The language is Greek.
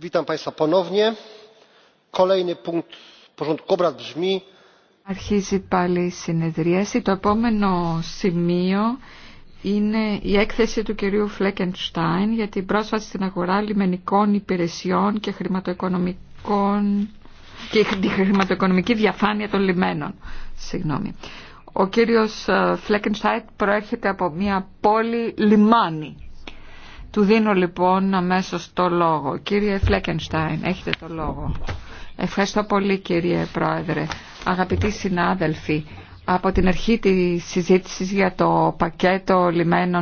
witam państwa ponownie. Αρχίζει πάλι η συνεδρίαση. Το επόμενο σημείο είναι η έκθεση του κυρίου Φλέκενστάιν για την πρόσβαση στην αγορά λιμενικών υπηρεσιών και χρηματοοικονομικών και τη χρηματοοικονομική διαφάνεια των λιμένων. Συγγνώμη. Ο κύριος ε, Φλέκενστάιν προέρχεται από μια πόλη λιμάνι. Του δίνω λοιπόν αμέσω το λόγο. Κύριε Φλέκενστάιν, έχετε το λόγο. Ευχαριστώ πολύ κύριε Πρόεδρε. Αγαπητοί συνάδελφοι, από την αρχή της συζήτησης για το πακέτο λιμένων